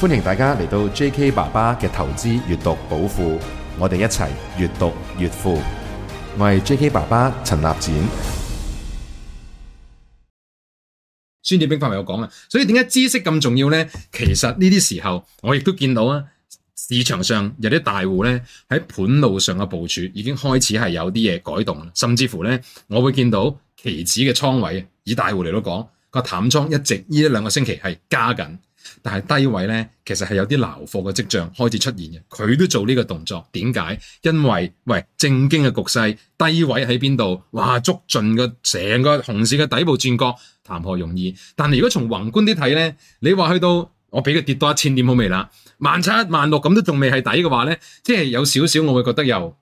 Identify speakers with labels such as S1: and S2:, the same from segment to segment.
S1: 歡迎大家嚟到 J.K. 爸爸嘅投資閱讀寶庫，我哋一齊閱讀越富。我係 J.K. 爸爸陳立展。孫子兵法有講啊，所以點解知識咁重要呢？其實呢啲時候，我亦都見到呀，市場上有啲大戶咧，喺盤路上嘅部署已經開始係有啲嘢改動了，甚至乎咧，我會見到期指嘅倉位，以大戶嚟到講，個淡倉一直呢一兩個星期係加緊。但係低位呢，其實係有啲撈貨嘅跡象開始出現嘅，佢都做呢個動作。點解？因為喂正經嘅局勢，低位喺邊度？哇！捉盡個成個熊市嘅底部轉角，談何容易？但係如果從宏觀啲睇呢，你話去到我俾佢跌多一千點好未啦？萬七萬六咁都仲未係底嘅話呢，即係有少少，我會覺得又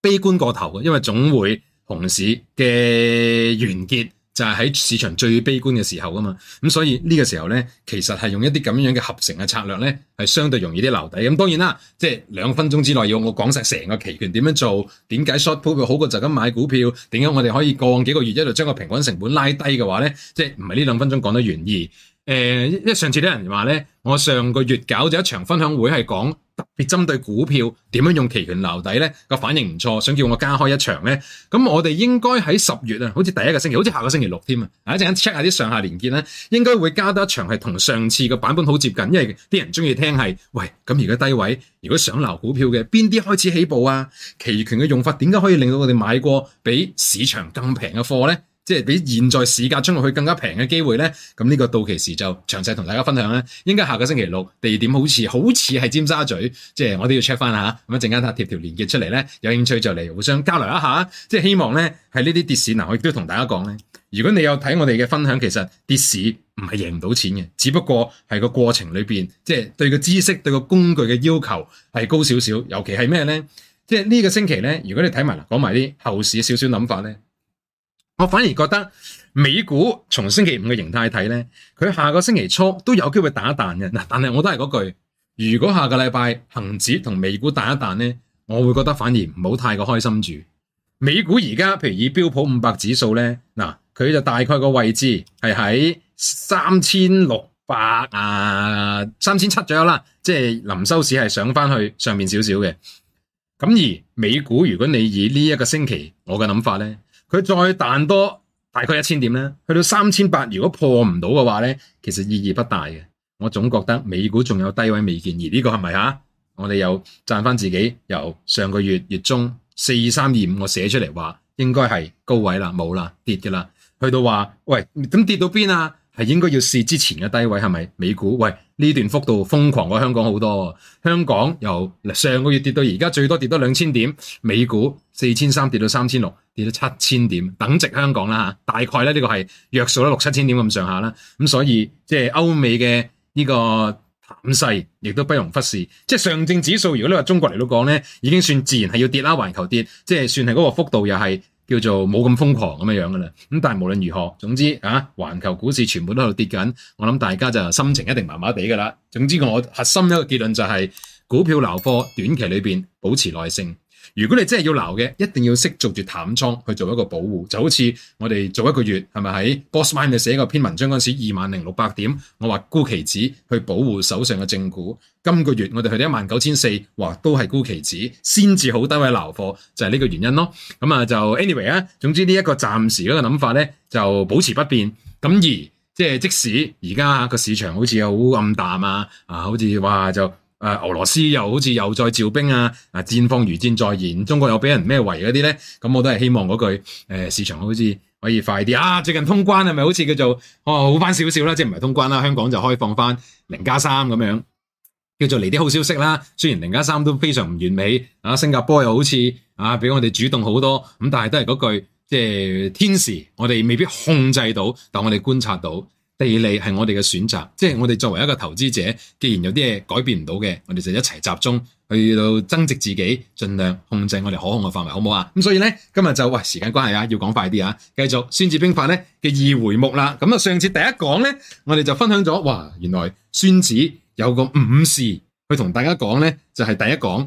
S1: 悲觀過頭，因為總會熊市嘅完結。就係喺市場最悲觀嘅時候啊嘛，咁所以呢個時候咧，其實係用一啲咁樣嘅合成嘅策略咧，係相對容易啲留底。咁當然啦，即係兩分鐘之內要我講晒成個期權點樣做，點解 short put 好過就咁買股票，點解我哋可以降幾個月一度將個平均成本拉低嘅話咧，即係唔係呢兩分鐘講得完意。誒，因為、呃、上次啲人話呢，我上個月搞咗一場分享會係講特別針對股票點樣用期權留底，呢個反應唔錯，想叫我加開一場呢。咁我哋應該喺十月啊，好似第一個星期，好似下個星期六添啊。一陣間 check 下啲上下連結呢，應該會加多一場，係同上次嘅版本好接近，因為啲人鍾意聽係，喂，咁而家低位，如果想留股票嘅，邊啲開始起步啊？期權嘅用法點解可以令到我哋買過比市場更平嘅貨呢？」即係比現在市價衝落去更加平嘅機會咧，咁呢個到期時就詳細同大家分享啦。應該下個星期六地點好似好似係尖沙咀，即係我都要 check 翻吓。咁一陣間睇下貼條連結出嚟咧，有興趣就嚟互相交流一下。即係希望咧，係呢啲跌市，嗱、啊、我亦都同大家講咧。如果你有睇我哋嘅分享，其實跌市唔係贏唔到錢嘅，只不過係個過程裏邊，即係對個知識、對個工具嘅要求係高少少。尤其係咩咧？即係呢個星期咧，如果你睇埋講埋啲後市少少諗法咧。我反而覺得美股從星期五嘅形態睇呢，佢下個星期初都有機會打一彈嘅。嗱，但係我都係嗰句，如果下個禮拜恒指同美股打一彈呢，我會覺得反而唔好太過開心住。美股而家譬如以標普五百指數呢，嗱，佢就大概個位置係喺三千六百啊，三千七左右啦。即係臨收市係上返去上面少少嘅。咁而美股如果你以呢一個星期我嘅諗法呢，佢再彈多大概一千點呢，去到三千八，如果破唔到嘅話呢，其實意義不大嘅。我總覺得美股仲有低位未見，而、這、呢個係咪啊？我哋又賺返自己，由上個月月中四三二五，4, 2, 3, 2, 5, 我寫出嚟話應該係高位啦，冇啦，跌嘅啦，去到話，喂，點跌到邊啊？係應該要試之前嘅低位係咪美股？喂，呢段幅度瘋狂過香港好多。香港由上個月跌到而家最多跌咗兩千點，美股四千三跌咗三千六，跌咗七千點，等值香港啦。大概呢個係約數啦，六七千點咁上下啦。咁所以即係歐美嘅呢個淡勢，亦都不容忽視。即係上證指數，如果你話中國嚟到講咧，已經算自然係要跌啦，環球跌，即係算係嗰個幅度又係。叫做冇咁瘋狂咁樣樣喇。啦，咁但係無論如何，總之啊，環球股市全部都喺度跌緊，我諗大家就心情一定麻麻地㗎喇。總之我核心一個結論就係、是、股票撈貨，短期裏面保持耐性。如果你真係要撈嘅，一定要識做住淡倉去做一個保護，就好似我哋做一個月係咪喺 BossMind 寫個篇文章嗰陣時，二萬零六百點，我話沽期指去保護手上嘅正股。今個月我哋去到一萬九千四，話都係沽期指先至好低位撈貨，就係呢個原因咯。咁啊就 anyway 啊，總之呢一個暫時嗰個諗法咧就保持不變。咁而即係即使而家個市場好似好暗淡啊，啊好似哇就～誒、呃，俄羅斯又好似又再召兵啊！啊，戰況如箭在現，中國又俾人咩圍嗰啲咧？咁我都係希望嗰句、呃、市場好似可以快啲啊！最近通關係咪好似叫做哦好翻少少啦，即係唔係通關啦？香港就開放翻零加三咁樣，叫做嚟啲好消息啦。雖然零加三都非常唔完美啊，新加坡又好似啊，俾我哋主動好多咁，但係都係嗰句，即係天時，我哋未必控制到，但我哋觀察到。第二嚟係我哋嘅選擇，即係我哋作為一個投資者，既然有啲嘢改變唔到嘅，我哋就一齊集中去到增值自己，盡量控制我哋可控嘅範圍，好唔好啊？咁所以呢，今日就喂時間關係啊，要講快啲啊，繼續《孫子兵法》呢嘅二回目啦。咁啊，上次第一講呢，我哋就分享咗，哇，原來孫子有個五事去同大家講呢，就係第一講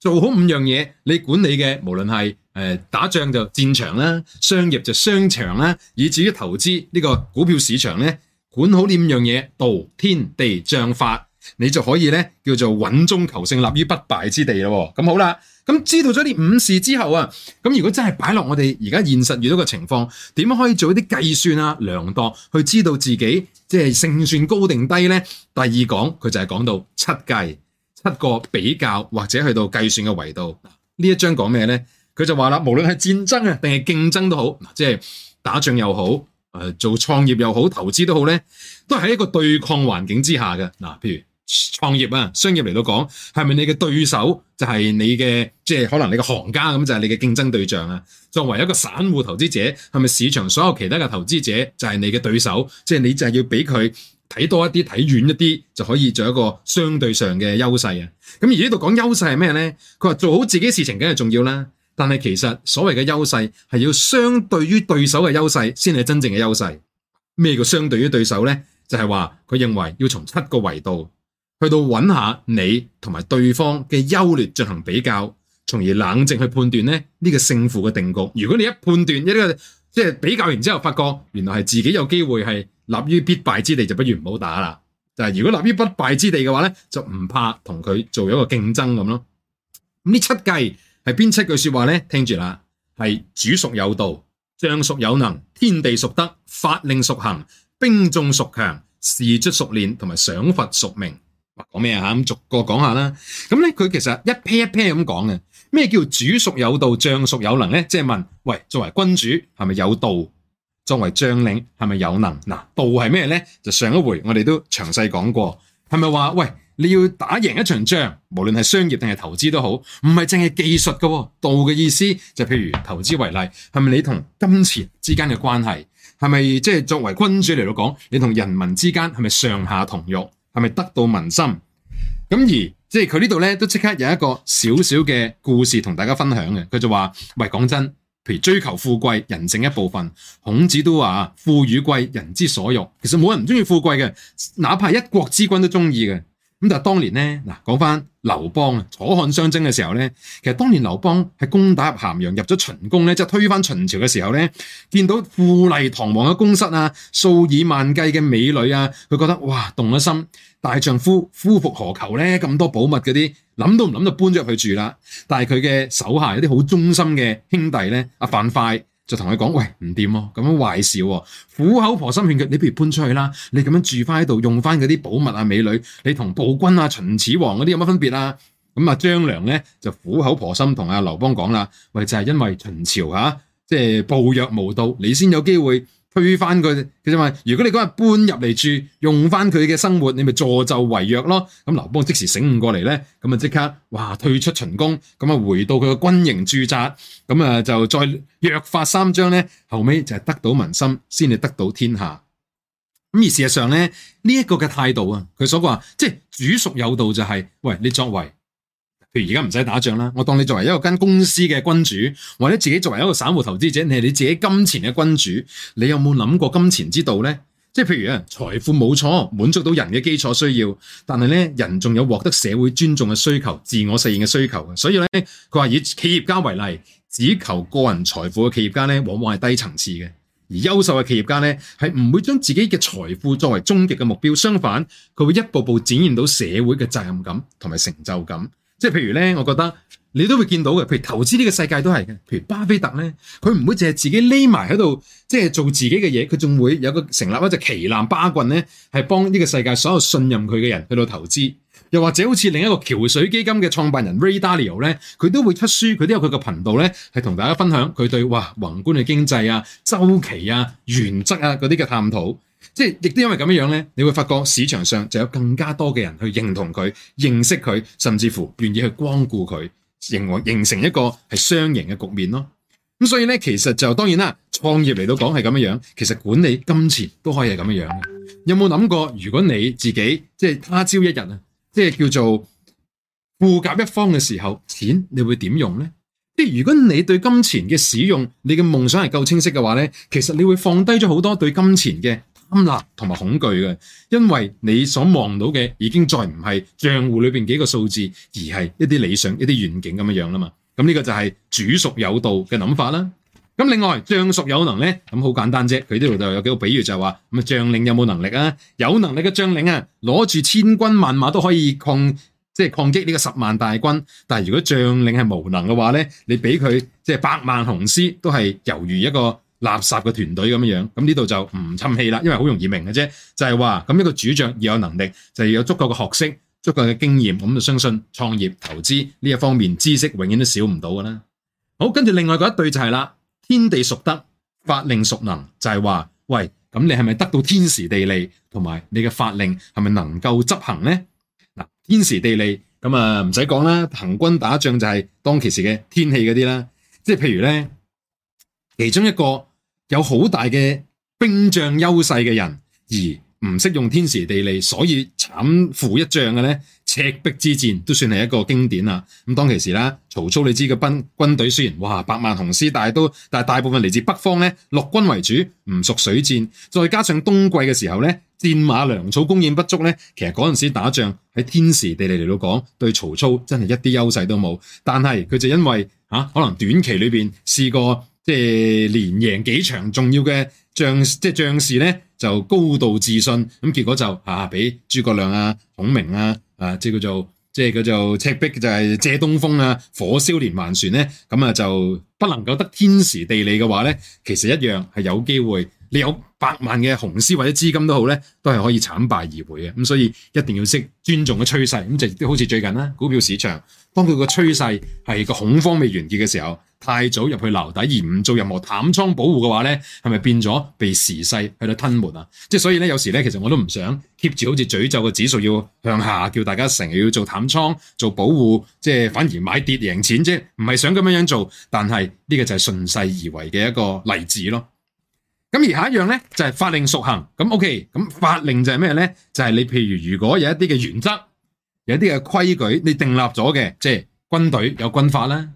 S1: 做好五樣嘢，你管理嘅無論係誒打仗就戰場啦，商業就商場啦，以至於投資呢個股票市場呢。管好呢五樣嘢，道天地將法，你就可以咧叫做穩中求勝，立於不敗之地咯。咁、哦嗯、好啦，咁、嗯、知道咗呢五事之後啊，咁、嗯、如果真係擺落我哋而家現實遇到嘅情況，點樣可以做一啲計算啊、量度去知道自己即係勝算高定低咧？第二講佢就係講到七計，七個比較或者去到計算嘅維度。一呢一章講咩咧？佢就話啦，無論係戰爭啊定係競爭都好，即係打仗又好。誒，做創業又好，投資都好咧，都係一個對抗環境之下嘅。嗱，譬如創業啊，商業嚟到講係咪你嘅對手就係你嘅，即係可能你嘅行家咁就係你嘅競爭對象啊？作為一個散戶投資者，係咪市場所有其他嘅投資者就係你嘅對手？即係你就係要俾佢睇多一啲，睇遠一啲，就可以做一個相對上嘅優勢啊。咁而呢度講優勢係咩咧？佢話做好自己事情梗係重要啦。但係其實所謂嘅優勢係要相對於對手嘅優勢先係真正嘅優勢。咩叫相對於對手呢？就係話佢認為要從七個維度去到揾下你同埋對方嘅優劣進行比較，從而冷靜去判斷呢呢個勝負嘅定局。如果你一判斷一個即係比較完之後，發覺原來係自己有機會係立於必敗之地，就不如唔好打啦。就係如果立於不敗之地嘅話呢，就唔怕同佢做一個競爭咁咯。咁呢七計。係邊七句說話呢？聽住啦，係主孰有道，將孰有能，天地孰得，法令孰行，兵眾孰強，士卒孰練，同埋賞罰孰明。講咩啊？咁逐個講下啦。咁咧佢其實一篇一篇咁講嘅。咩叫主孰有道，將孰有能呢？即係問喂，作為君主係咪有道？作為將領係咪有能？嗱，道係咩呢？就上一回我哋都詳細講過，係咪話喂？你要打贏一場仗，無論係商業定係投資都好，唔係淨係技術嘅道嘅意思，就譬如投資為例，係咪你同金錢之間嘅關係？係咪即係作為君主嚟到講，你同人民之間係咪上下同欲？係咪得到民心？咁而即係佢呢度咧，都即刻有一個少少嘅故事同大家分享嘅。佢就話：喂，講真，譬如追求富貴，人性一部分，孔子都話：富與貴，人之所欲。其實冇人唔中意富貴嘅，哪怕一國之君都中意嘅。咁就當年咧，嗱講翻劉邦啊，楚漢相爭嘅時候咧，其實當年劉邦係攻打入咸陽，入咗秦宮咧，即係推翻秦朝嘅時候咧，見到富麗堂皇嘅宮室啊，數以萬計嘅美女啊，佢覺得哇，動咗心，大丈夫夫復何求咧？咁多寶物嗰啲，諗都唔諗就搬咗入去住啦。但係佢嘅手下一啲好忠心嘅兄弟咧，阿樊噲。就同佢講，喂，唔掂喎，咁、啊、樣壞事、喎，苦口婆心勸佢，你不如搬出去啦，你咁樣住翻喺度，用翻嗰啲寶物啊美女，你同暴君啊秦始皇嗰啲有乜分別啊？咁啊張良咧就苦口婆心同阿劉邦講啦，喂就係、是、因為秦朝吓，即、啊、係、就是、暴虐無道，你先有機會。推翻佢，佢就話：如果你嗰日搬入嚟住，用翻佢嘅生活，你咪助紂為虐咯。咁劉邦即時醒悟過嚟咧，咁啊即刻，哇退出秦宮，咁啊回到佢嘅軍營駐紮。咁啊就再約法三章咧。後尾就係得到民心，先至得到天下。咁而事實上咧，呢、這、一個嘅態度啊，佢所講即係煮熟有道、就是，就係喂你作為。譬如而家唔使打仗啦，我當你作為一個間公司嘅君主，或者自己作為一個散戶投資者，你係你自己金錢嘅君主，你有冇諗過金錢之道呢？即係譬如啊，財富冇錯，滿足到人嘅基礎需要，但係咧，人仲有獲得社會尊重嘅需求、自我實現嘅需求嘅，所以咧，佢話以企業家為例，只求個人財富嘅企業家咧，往往係低層次嘅，而優秀嘅企業家咧，係唔會將自己嘅財富作為終極嘅目標，相反佢會一步步展現到社會嘅責任感同埋成就感。即係譬如咧，我覺得你都會見到嘅。譬如投資呢個世界都係嘅。譬如巴菲特咧，佢唔會淨係自己匿埋喺度，即係做自己嘅嘢，佢仲會有一個成立一隻旗艦巴郡咧，係幫呢個世界所有信任佢嘅人去到投資。又或者好似另一個橋水基金嘅創辦人 Ray Dalio 咧，佢都會出書，佢都有佢嘅頻道咧，係同大家分享佢對哇宏觀嘅經濟啊、周期啊、原則啊嗰啲嘅探討。即係亦都因為咁樣樣咧，你會發覺市場上就有更加多嘅人去認同佢、認識佢，甚至乎願意去光顧佢，形形成一個係雙贏嘅局面咯。咁所以咧，其實就當然啦，創業嚟到講係咁樣樣，其實管理金錢都可以係咁樣樣。有冇諗過如果你自己即係他朝一日啊，即係叫做富甲一方嘅時候，錢你會點用咧？即係如果你對金錢嘅使用，你嘅夢想係夠清晰嘅話咧，其實你會放低咗好多對金錢嘅。暗納同埋恐懼嘅，因為你所望到嘅已經再唔係帳戶裏面幾個數字，而係一啲理想、一啲遠景咁樣啦嘛。咁呢個就係主孰有道嘅諗法啦。咁另外將孰有能呢，咁好簡單啫。佢呢度就有幾個比喻就係話：咁將領有冇能力啊？有能力嘅將領啊，攞住千軍萬馬都可以抗，即係抗擊呢個十萬大軍。但係如果將領係無能嘅話呢，你俾佢即係百萬雄師，都係猶如一個垃圾嘅團隊咁樣樣，咁呢度就唔侵氣啦，因為好容易明嘅啫，就係話咁一個主將要有能力，就要有足夠嘅學識、足夠嘅經驗。咁就相信創業、投資呢一方面知識，永遠都少唔到㗎啦。好，跟住另外嗰一對就係啦，天地孰得，法令孰能？就係話，「喂，咁你係咪得到天時地利，同埋你嘅法令係咪能夠執行呢？」嗱，天時地利咁啊，唔使講啦，行軍打仗就係當其時嘅天氣嗰啲啦，即係譬如咧，其中一個。有好大嘅兵將優勢嘅人，而唔識用天時地利，所以慘負一仗嘅呢赤壁之戰都算係一個經典啦。咁當其時啦，曹操你知嘅軍隊雖然哇百萬雄師，但都但大部分嚟自北方呢陸軍為主，唔熟水戰。再加上冬季嘅時候呢，戰馬糧草供應不足呢，其實嗰陣時打仗喺天時地利嚟到講，對曹操真係一啲優勢都冇。但係佢就因為、啊、可能短期裏面試過。即係連贏幾場重要嘅仗，即係將士咧，就高度自信，咁結果就吓，俾諸葛亮啊、孔明啊，啊即係叫做即係叫做赤壁就係借東風啊，火燒連環船咧，咁啊就不能夠得天時地利嘅話咧，其實一樣係有機會，你有百萬嘅雄師或者資金都好咧，都係可以慘敗而回嘅，咁所以一定要識尊重嘅趨勢，咁就即係好似最近啦，股票市場。當佢個趨勢係個恐慌未完結嘅時候，太早入去樓底而唔做任何淡倉保護嘅話咧，係咪變咗被時勢去到吞沒啊？即係所以咧，有時咧，其實我都唔想 keep 住好似詛咒個指數要向下，叫大家成日要做淡倉做保護，即係反而買跌贏錢啫，唔係想咁樣樣做，但係呢個就係順勢而為嘅一個例子咯。咁而下一樣咧就係法令孰行咁 OK，咁法令就係咩咧？就係你譬如如果有一啲嘅原則。有啲嘅規矩你訂立咗嘅，即係軍隊有軍法啦，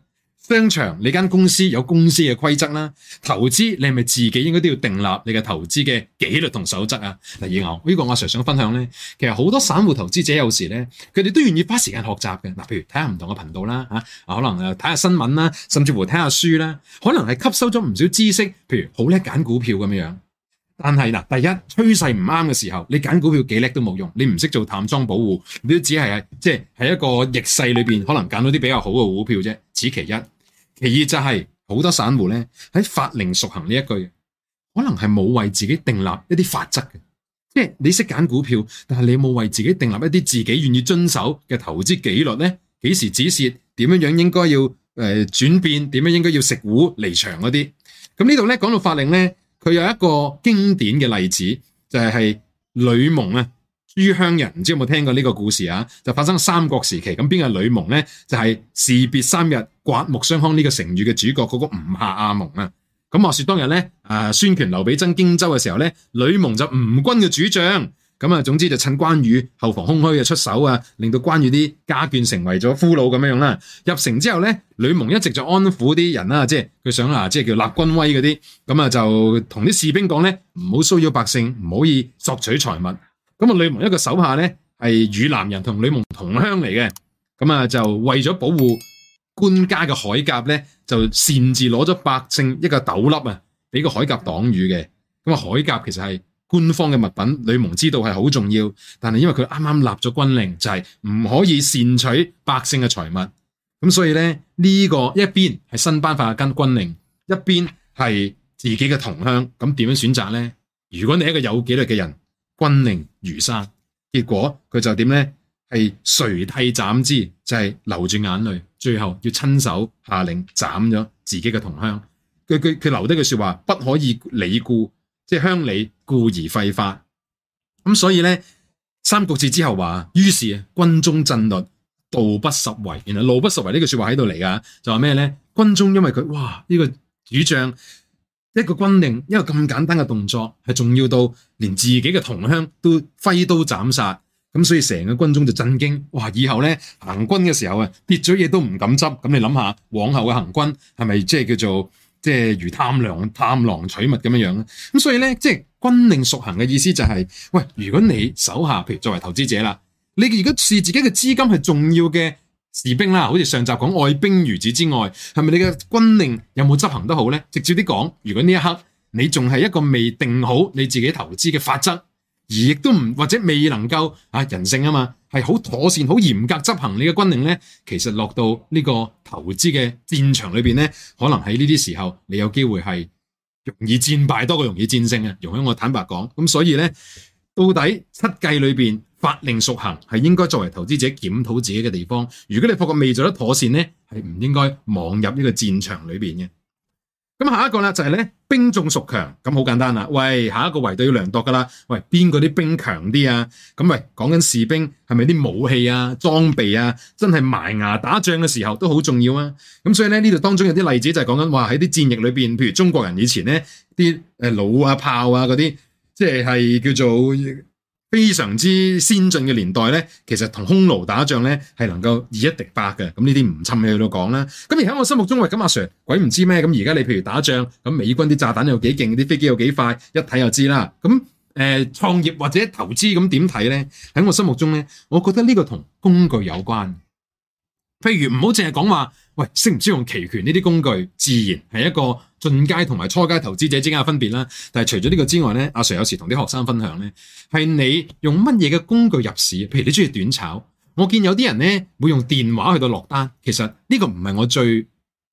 S1: 商場，你間公司有公司嘅規則啦，投資，你係咪自己應該都要訂立你嘅投資嘅紀律同守則啊？嗱，以我呢個我常想分享呢，其實好多散戶投資者有時呢，佢哋都願意花時間學習嘅。嗱，譬如睇下唔同嘅頻道啦，可能睇下新聞啦，甚至乎睇下書啦，可能係吸收咗唔少知識，譬如好叻揀股票咁樣。但係嗱，第一趨勢唔啱嘅時候，你揀股票幾叻都冇用，你唔識做淡倉保護，你都只係係即係喺一個逆勢裏邊，可能揀到啲比較好嘅股票啫，此其一。其二就係、是、好多散戶咧喺法令孰行呢一句，可能係冇為自己訂立一啲法則嘅，即係你識揀股票，但係你冇為自己訂立一啲自己願意遵守嘅投資紀律咧，幾時止蝕點樣樣應該要誒、呃、轉變，點樣應該要食糊離場嗰啲。咁呢度咧講到法令咧。佢有一個經典嘅例子，就係、是、係呂蒙啊，諸鄉人唔知道有冇聽過呢個故事啊？就發生三國時期，咁邊個呂蒙呢？就係、是、士別三日，刮目相看呢個成語嘅主角嗰、那個吳下阿蒙啊！咁、嗯、話説當日呢，誒、啊、孫權劉備爭荊州嘅時候呢，呂蒙就吳軍嘅主將。咁啊，總之就趁關羽後防空虛啊，出手啊，令到關羽啲家眷成為咗俘虜咁樣樣啦。入城之後咧，呂蒙一直就安撫啲人啦，即係佢想啊，即係叫立軍威嗰啲，咁啊就同啲士兵講咧，唔好騷擾百姓，唔好以索取財物。咁啊，呂蒙一個手下咧係汝南人，同呂蒙同鄉嚟嘅。咁啊就為咗保護官家嘅鎧甲咧，就擅自攞咗百姓一個斗笠啊，俾個鎧甲擋雨嘅。咁啊，鎧甲其實係。官方嘅物品，呂蒙知道係好重要，但係因為佢啱啱立咗軍令，就係、是、唔可以擅取百姓嘅財物，咁所以咧呢、這個一邊係新頒發嘅根軍令，一邊係自己嘅同鄉，咁點樣選擇呢？如果你係一個有紀律嘅人，軍令如山，結果佢就點呢？係垂涕斬之，就係、是、流住眼淚，最後要親手下令斬咗自己嘅同鄉。佢佢留低句說話，不可以理顧，即係鄉里故而廢法，咁所以咧，三國志之後話，於是啊，軍中震慄，道不拾遺。原來路不拾遺呢個說話喺度嚟噶，就話咩咧？軍中因為佢哇呢個主將一個軍令，一個咁簡單嘅動作，係重要到連自己嘅同鄉都揮刀斬殺，咁所以成個軍中就震驚。哇！以後咧行軍嘅時候啊，跌咗嘢都唔敢執。咁你諗下，往後嘅行軍係咪即係叫做？即係如探良探狼取物咁樣，咁所以咧，即係軍令屬行嘅意思就係、是，喂，如果你手下，譬如作為投資者啦，你如果視自己嘅資金係重要嘅士兵啦，好似上集講愛兵如子之外，係咪你嘅軍令有冇執行得好咧？直接啲講，如果呢一刻你仲係一個未定好你自己投資嘅法則。而亦都唔或者未能夠啊人性啊嘛，係好妥善、好嚴格執行你嘅軍令呢，其實落到呢個投資嘅戰場裏面呢，呢可能喺呢啲時候你有機會係容易戰敗多過容易戰勝啊！容許我坦白講，咁所以呢，到底七計裏面，法令孰行係應該作為投資者檢討自己嘅地方。如果你發覺未做得妥善呢，係唔應該妄入呢個戰場裏面嘅。咁下一個咧，就係咧，兵眾孰強，咁好簡單啦喂，下一個維度要量度噶啦，喂，邊個啲兵強啲啊？咁喂，講緊士兵係咪啲武器啊裝備啊真係埋牙打仗嘅時候都好重要啊，咁所以咧，呢度當中有啲例子就係講緊話，喺啲戰役裏邊，譬如中國人以前咧，啲誒弩啊炮啊，嗰啲即係叫做。非常之先進嘅年代咧，其實同匈奴打仗咧係能夠以一敵百嘅。咁呢啲唔侵你去到講啦。咁而喺我心目中，喂咁阿 Sir，鬼唔知咩？咁而家你譬如打仗，咁美軍啲炸彈有幾勁，啲飛機有幾快，一睇就知啦。咁誒，創業或者投資咁點睇咧？喺我心目中咧，我覺得呢個同工具有關。譬如唔好淨係講話，喂識唔識用期權呢啲工具，自然係一個進階同埋初階投資者之間嘅分別啦。但係除咗呢個之外呢，阿 Sir 有時同啲學生分享呢，係你用乜嘢嘅工具入市？譬如你中意短炒，我見有啲人呢會用電話去到落單。其實呢個唔係我最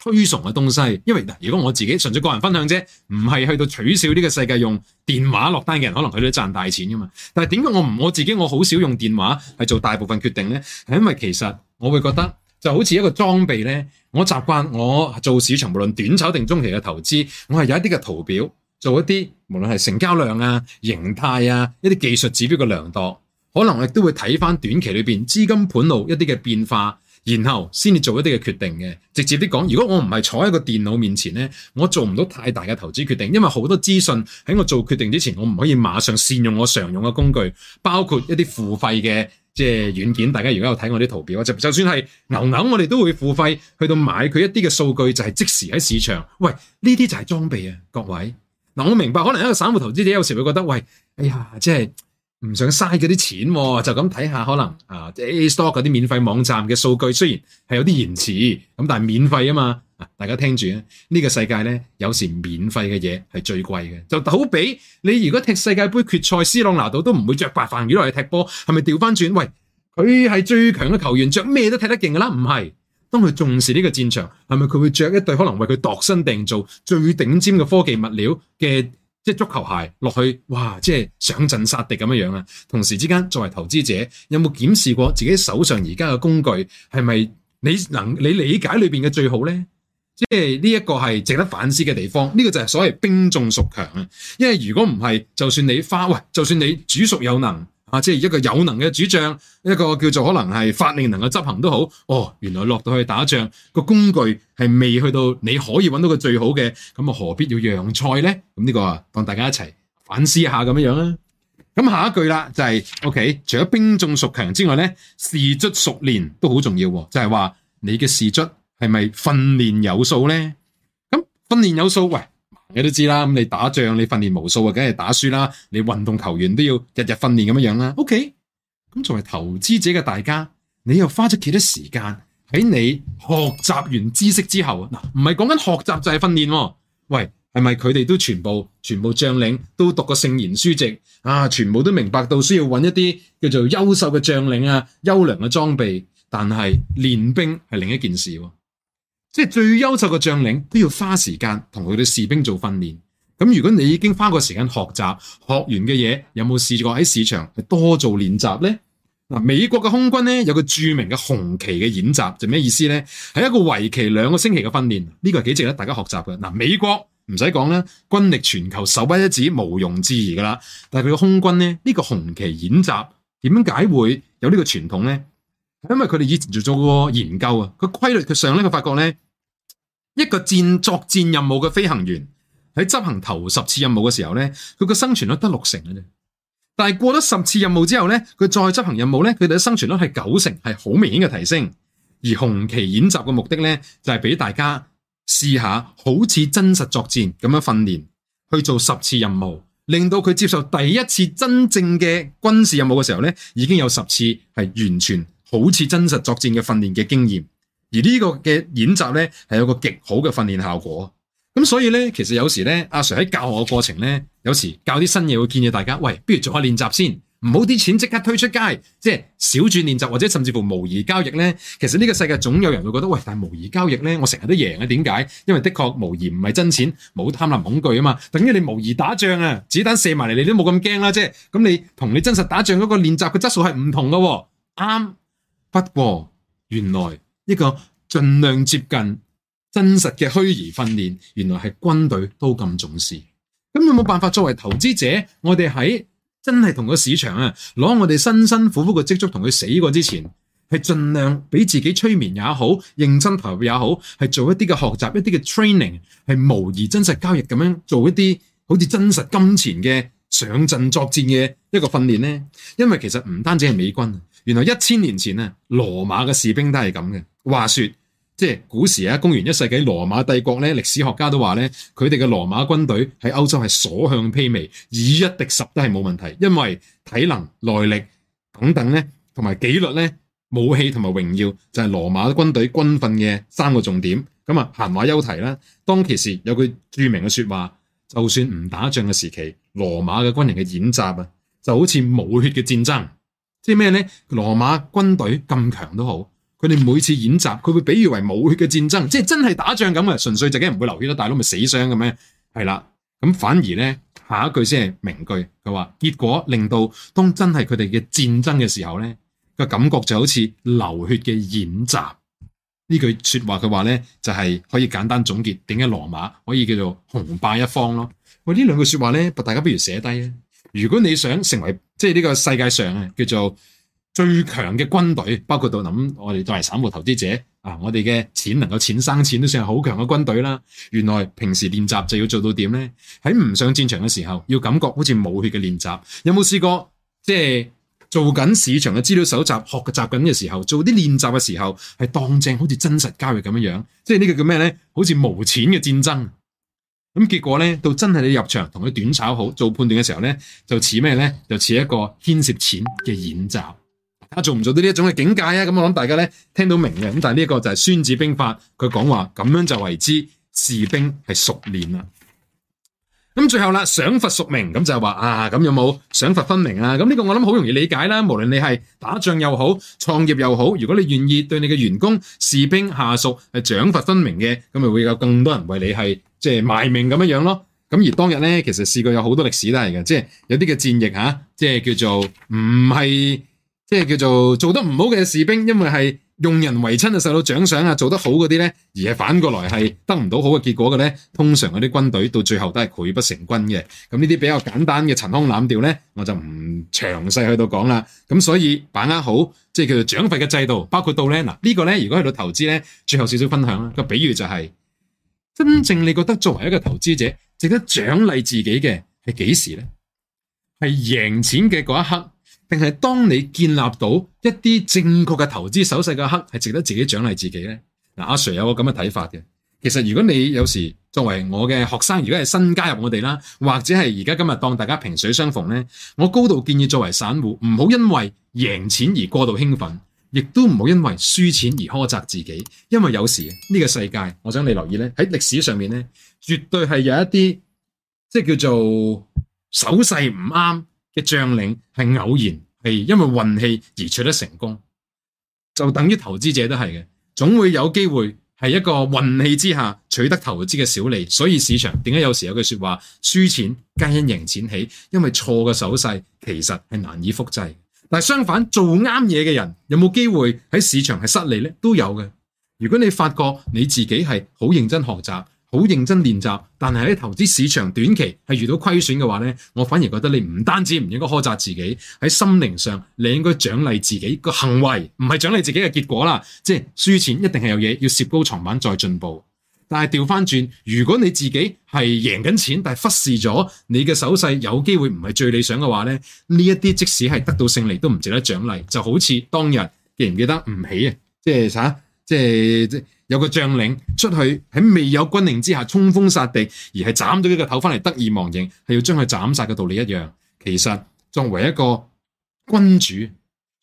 S1: 推崇嘅東西，因為嗱，如果我自己純粹個人分享啫，唔係去到取笑呢個世界用電話落單嘅人，可能佢都賺大錢噶嘛。但係點解我唔我自己我好少用電話去做大部分決定呢？係因為其實我會覺得。就好似一個裝備呢。我習慣我做市場，無論短炒定中期嘅投資，我係有一啲嘅圖表，做一啲無論係成交量啊、形態啊、一啲技術指標嘅量度，可能我亦都會睇翻短期裏邊資金盤路一啲嘅變化，然後先至做一啲嘅決定嘅。直接啲講，如果我唔係坐喺個電腦面前呢，我做唔到太大嘅投資決定，因為好多資訊喺我做決定之前，我唔可以馬上善用我常用嘅工具，包括一啲付費嘅。即係軟件，大家如果有睇我啲圖表，就就算係牛牛，我哋都會付費去到買佢一啲嘅數據，就係即時喺市場。喂，呢啲就係裝備啊，各位。嗱，啊，我明白，可能一個散戶投資者有時會覺得，喂，哎呀，即係唔想嘥嗰啲錢啊，就咁睇下，可能啊，A Stock 嗰啲免費網站嘅數據，雖然係有啲延遲，咁但係免費啊嘛。大家聽住呢，呢個世界呢，有時免費嘅嘢係最貴嘅，就好比你如果踢世界杯決賽，斯朗拿度都唔會着白飯魚落去踢波，係咪調翻轉？喂，佢係最強嘅球員，着咩都踢得勁噶啦，唔係。當佢重視呢個戰場，係咪佢會着一對可能為佢度身定做最頂尖嘅科技物料嘅即足球鞋落去？哇，即係上陣殺敵咁樣樣啊！同時之間，作為投資者，有冇檢視過自己手上而家嘅工具係咪你能你理解裏邊嘅最好呢？即係呢一個係值得反思嘅地方，呢個就係所謂兵眾孰強啊！因為如果唔係，就算你花喂，就算你主熟有能啊，即係一個有能嘅主將，一個叫做可能係法令能夠執行都好，哦，原來落到去打仗個工具係未去到你可以搵到個最好嘅，咁啊何必要讓賽呢？咁呢個啊當大家一齊反思一下咁樣樣啊！咁下一句啦，就係 OK，除咗兵眾孰強之外呢，士卒孰練都好重要，就係話你嘅士卒。係咪訓練有素呢？咁訓練有素，喂，你都知啦。咁你打仗，你訓練無數啊，梗係打輸啦。你運動球員都要日日訓練咁樣樣啦。OK，咁作為投資者嘅大家，你又花咗幾多時間喺你學習完知識之後？嗱，唔係講緊學習就係訓練。喂，係咪佢哋都全部全部將領都讀過聖賢書籍啊？全部都明白到需要揾一啲叫做優秀嘅將領啊，優良嘅裝備，但係練兵係另一件事啊。即係最優秀嘅將領都要花時間同佢哋士兵做訓練。咁如果你已經花個時間學習，學完嘅嘢有冇試過喺市場多做練習呢？嗱、嗯，美國嘅空軍咧有個著名嘅紅旗嘅演習就咩意思呢？係一個為期兩個星期嘅訓練，呢個係幾值得大家學習嘅。嗱，美國唔使講啦，軍力全球首屈一指，毋庸置疑噶啦。但係佢嘅空軍咧呢個紅旗演習點解會有呢個傳統咧？因為佢哋以前就做過研究啊，個規律嘅上咧，佢發覺咧一個戰作戰任務嘅飛行員喺執行頭十次任務嘅時候咧，佢個生存率得六成嘅啫。但係過咗十次任務之後咧，佢再執行任務咧，佢哋嘅生存率係九成，係好明顯嘅提升。而紅旗演習嘅目的咧，就係俾大家試下好似真實作戰咁樣訓練去做十次任務，令到佢接受第一次真正嘅軍事任務嘅時候咧，已經有十次係完全。好似真實作戰嘅訓練嘅經驗，而呢個嘅演習呢係有個極好嘅訓練效果。咁所以呢，其實有時呢，阿、啊、Sir 喺教學嘅過程呢，有時教啲新嘢會建議大家，喂，不如做下練習先，唔好啲錢即刻推出街，即係小組練習或者甚至乎模擬交易呢。其實呢個世界總有人會覺得，喂，但係模擬交易呢，我成日都贏啊，點解？因為的確模擬唔係真錢，冇貪婪、恐懼啊嘛。等於你模擬打仗啊，子彈射埋嚟、啊，你都冇咁驚啦。即係咁，你同你真實打仗嗰個練習嘅質素係唔同嘅喎、啊，啱。不過原來一個盡量接近真實嘅虛擬訓練，原來係軍隊都咁重視。咁你冇辦法作為投資者，我哋喺真係同個市場啊，攞我哋辛辛苦苦嘅積蓄同佢死過之前，係盡量俾自己催眠也好，認真投入也好，係做一啲嘅學習，一啲嘅 training，係模擬真實交易咁樣做一啲好似真實金錢嘅上陣作戰嘅一個訓練呢？因為其實唔單止係美軍原來一千年前咧，羅馬嘅士兵都係咁嘅。話説即係古時啊，公元一世紀羅馬帝國咧，歷史學家都話咧，佢哋嘅羅馬軍隊喺歐洲係所向披靡，以一敵十都係冇問題，因為體能、耐力等等咧，同埋紀律咧，武器同埋榮耀就係羅馬軍隊軍訓嘅三個重點。咁啊，閒話休題啦。當其時有句著名嘅説話，就算唔打仗嘅時期，羅馬嘅軍人嘅演習啊，就好似冇血嘅戰爭。即係咩咧？羅馬軍隊咁強都好，佢哋每次演習，佢會比喻為冇血嘅戰爭，即係真係打仗咁啊！純粹自己唔會流血，大佬咪死傷嘅咩？係啦，咁反而咧，下一句先係名句，佢話結果令到當真係佢哋嘅戰爭嘅時候咧，個感覺就好似流血嘅演習。呢句說話佢話咧，就係可以簡單總結點解羅馬可以叫做雄霸一方咯。喂，呢兩句說話咧，大家不如寫低啊！如果你想成為即係呢個世界上啊叫做最強嘅軍隊，包括到諗我哋作為散戶投資者啊，我哋嘅錢能夠錢生錢都算係好強嘅軍隊啦。原來平時練習就要做到點呢？喺唔上戰場嘅時候，要感覺好似冇血嘅練習。有冇試過即係、就是、做緊市場嘅資料搜集、學習緊嘅時候，做啲練習嘅時候，係當正好似真實交易咁樣？即係呢個叫咩呢？好似冇錢嘅戰爭。咁結果咧，到真係你入場同佢短炒好做判斷嘅時候咧，就似咩咧？就似一個牽涉錢嘅演習啊，做唔做到呢一種嘅境界啊？咁我諗大家咧聽到明嘅。咁但係呢一個就係《孫子兵法》，佢講話咁樣就為之士兵係熟練啦。咁最後啦，賞罰孰明，咁就話啊，咁有冇賞罰分明啊？咁呢個我諗好容易理解啦。無論你係打仗又好，創業又好，如果你願意對你嘅員工、士兵、下屬係賞罰分明嘅，咁咪會有更多人為你係即係賣命咁樣樣咯，咁而當日咧，其實試過有好多歷史都係嘅，即係有啲嘅戰役吓、啊，即係叫做唔係，即係叫做做得唔好嘅士兵，因為係用人唯親啊，受到獎賞啊，做得好嗰啲咧，而係反過來係得唔到好嘅結果嘅咧，通常嗰啲軍隊到最後都係潰不成軍嘅。咁呢啲比較簡單嘅陳腔濫調咧，我就唔詳細去到講啦。咁所以把握好，即係叫做獎罰嘅制度，包括到咧嗱呢、這個咧，如果去到投資咧，最後少少分享啦個比喻就係、是。真正你覺得作為一個投資者值得獎勵自己嘅係幾時呢？係贏錢嘅嗰一刻，定係當你建立到一啲正確嘅投資手勢嗰一刻，係值得自己獎勵自己呢？阿 Sir 有個咁嘅睇法嘅。其實如果你有時作為我嘅學生，如果係新加入我哋啦，或者係而家今日當大家萍水相逢呢，我高度建議作為散戶唔好因為贏錢而過度興奮。亦都唔好因為輸錢而苛責自己，因為有時呢個世界，我想你留意咧喺歷史上面咧，絕對係有一啲即係叫做手勢唔啱嘅將領係偶然係因為運氣而取得成功，就等於投資者都係嘅，總會有機會係一個運氣之下取得投資嘅小利，所以市場點解有時有句說話，輸錢皆因贏錢起，因為錯嘅手勢其實係難以複製。但相反做啱嘢嘅人有冇機會喺市場係失利呢？都有嘅。如果你發覺你自己係好認真學習、好認真練習，但係喺投資市場短期係遇到虧損嘅話呢，我反而覺得你唔單止唔應該苛責自己，喺心靈上你應該獎勵自己個行為，唔係獎勵自己嘅結果啦。即係輸錢一定係有嘢要攝高床板再進步。但係調翻轉，如果你自己係贏緊錢，但係忽視咗你嘅手勢有機會唔係最理想嘅話咧，呢一啲即使係得到勝利都唔值得獎勵，就好似當日記唔記得吳起啊，即係即係即係有個將領出去喺未有軍令之下衝鋒殺敵，而係斬咗呢個頭翻嚟得意忘形，係要將佢斬殺嘅道理一樣。其實作為一個君主，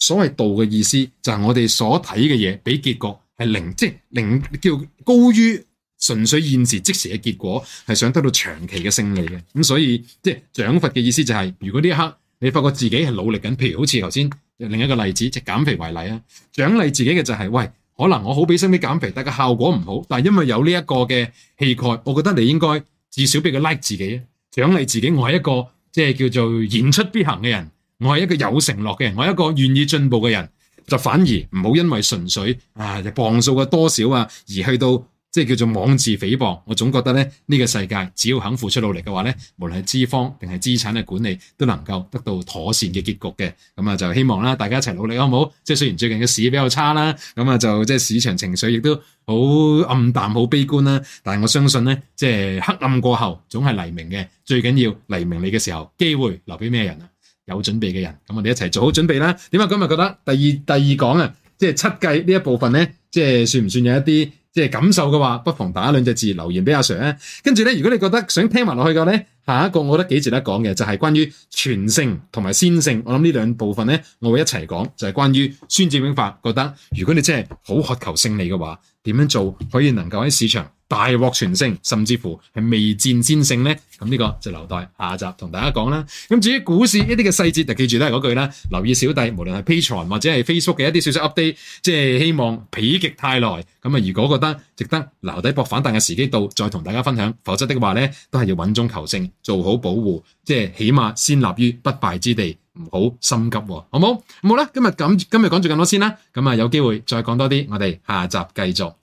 S1: 所謂道嘅意思就係、是、我哋所睇嘅嘢，俾結果係零即凌、就是、叫高於。純粹現時即時嘅結果，係想得到長期嘅勝利嘅，咁所以即係獎罰嘅意思就係，如果呢一刻你發覺自己係努力緊，譬如好似頭先另一個例子，即係減肥為例啊，獎勵自己嘅就係，喂，可能我好俾心啲減肥但嘅效果唔好，但係因為有呢一個嘅氣概，我覺得你應該至少俾佢 like 自己，獎勵自己，我係一個即係叫做言出必行嘅人，我係一個有承諾嘅人，我係一個願意進步嘅人，就反而唔好因為純粹啊磅數嘅多少啊，而去到。即係叫做妄自菲薄，我總覺得咧呢、這個世界只要肯付出努力嘅話咧，無論係資方定係資產嘅管理都能夠得到妥善嘅結局嘅。咁啊，就希望啦，大家一齊努力，好唔好？即係雖然最近嘅市比較差啦，咁啊，就即係市場情緒亦都好暗淡，好悲觀啦。但係我相信咧，即係黑暗過後總係黎明嘅。最緊要黎明你嘅時候，機會留俾咩人啊？有準備嘅人。咁我哋一齊做好準備啦。點解？今日覺得第二第二講啊，即係七計呢一部分咧，即係算唔算有一啲？即係感受嘅話，不妨打兩隻字留言俾阿 Sir。跟住咧，如果你覺得想聽埋落去嘅咧，下一個我覺得幾值得講嘅就係關於全勝同埋先勝。我諗呢兩部分咧，我會一齊講，就係關於孫子兵法。覺得如果你真係好渴求勝利嘅話。點樣做可以能夠喺市場大獲全勝，甚至乎係未戰先勝呢？咁、這、呢個就留待下集同大家講啦。咁至於股市一啲嘅細節，就記住都係嗰句啦，留意小弟，無論係 Patreon 或者係 Facebook 嘅一啲小小 update，即係希望否極泰來。咁如果覺得值得留低博反彈嘅時機到，再同大家分享；否則的話呢，都係要穩中求勝，做好保護，即係起碼先立於不敗之地。唔好心急，好冇？好啦，今日咁，今日講住咁多先啦。咁啊，有機會再講多啲，我哋下集繼續。